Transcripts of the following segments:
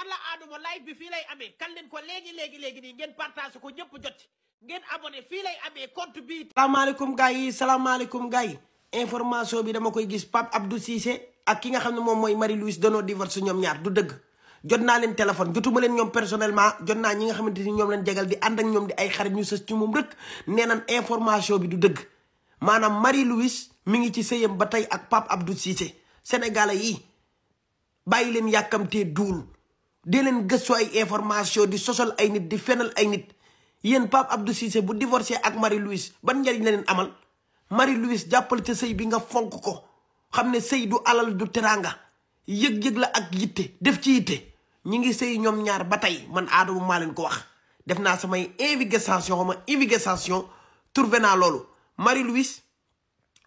alla aaduma live bi fii lay amee kan leen ko léegi léegi léegi nii ngeen partage ko ñëpp jot ngeen abonné fii lay amee compte bi. salaamaaleykum gars yi salaamaaleykum gars yi information bi dama koy gis Pape Abdou Cissé ak ki nga xam ne moom mooy Marie-Louise danoo divorce ñoom ñaar du dëgg. jot naa leen téléphone jotuma leen ñoom personnellement jot naa ñi nga xamante ni ñoom leen jegal di ànd ak ñoom di ay xarit ñu sës ci moom rek nee naan information bi du dëgg maanaam Marie-Louise mi ngi ci sëyam ba tey ak Pape Abdou Cissé sénégalais yi bàyyi leen yàkkamtee duul. dee leen gëstu ay information di sosal ay nit di fenal ay nit yéen Pape Abdou Cissé bu divorcé ak Marie-Louise ban njariñ la leen amal Marie-Louise jàppal ca sëy bi nga fonk ko xam ne sëy du alal du teraanga yëg-yëg la ak yitte def ci yitte ñi ngi sëy ñoom ñaar ba tey man Adama maa leen ko wax def naa samay investigation ma investigation trouvé naa loolu Marie-Louise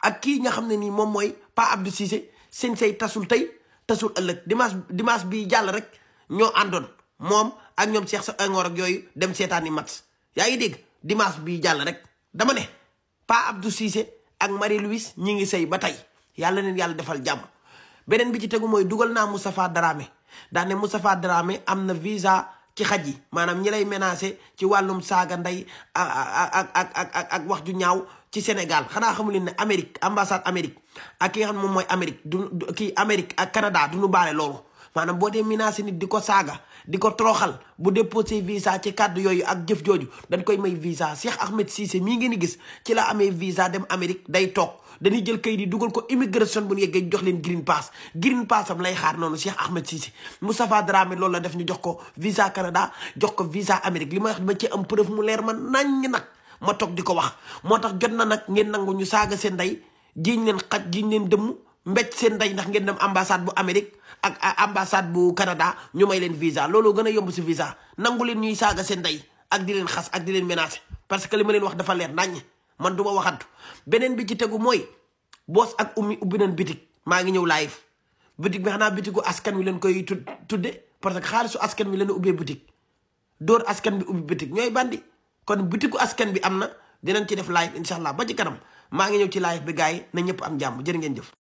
ak kii nga xam ne nii moom mooy Pape Abdou Cissé seen sëy tasul tey tasul ëllëg dimanche dimanche bi jàll rek ñoo àndoon moom ak ñoom Cheikh Senghor ak yooyu dem seetaani match yaa ngi dégg dimanche bi jàll rek dama ne Pa Abdou Cissé ak mari louise ñi ngi sëy ba tey yàlla neen yàlla defal jàmm beneen bi ci tegu mooy dugal naa Moustapha Dramé daan ne Moustapha Dramé am na visa ci xaj yi maanaam ñi lay menacé ci wàllum saaga ndey ak ak ak ak wax ju ñaaw ci Sénégal xanaa xamu leen ne Amérique ambassade Amérique ak ki nga xam moom mooy Amérique du kii Amérique ak Canada du ñu baale loolu maanaam boo dee menacé nit di ko saaga di ko toroxal bu déposé visa ci kàddu yooyu ak jëf jooju dañ koy may visa Cheikh Ahmed Cissé mii ngeen di gis ci la amee visa dem Amérique day toog dañuy jël kayit yi dugal ko immigration bu ñu yeggee jox leen green pass green pass am lay xaar noonu Cheikh Ahmed Cissé Moustapha Dramé loolu la def ñu jox ko visa Canada jox ko visa Amérique li ma wax ma ci am preuve mu leer ma nañ nag ma toog di ko wax moo tax jot na nag ngeen nangu ñu saaga seen ndey jiñ leen xaj jiñ leen dëmm mbécc seen ndey ndax ngeen dem ambassade bu Amérique ak ambassade bu Canada ñu may leen visa looloo gën a yomb si visa nangu leen ñuy saaga seen ndey ak di leen xas ak di leen menacer parce que li leen wax dafa leer naññ man du ma waxantu beneen bi ci tegu mooy boos ak ummi ubbi nañ bitig maa ngi ñëw live bitig bi xanaa bitigu askan wi leen koy tudde parce que xaalisu askan wi leen ubbee bitig dóor askan bi ubbi bitig ñooy bandi kon bitigu askan bi am na dinañ ci def live incha allah ba ci kanam maa ngi ñëw ci live bi gars yi na ñëpp am jàmm jër ngeen jëf